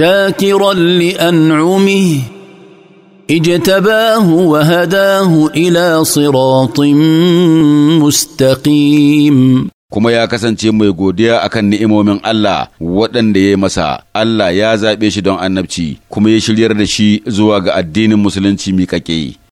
شاكرا لانعمه اجتباه وهداه الى صراط مستقيم kuma ya kasance mai godiya akan ni'imomin Allah waɗanda ya masa Allah ya zaɓe shi don annabci kuma ya shiryar da shi zuwa ga addinin musulunci miƙaƙe.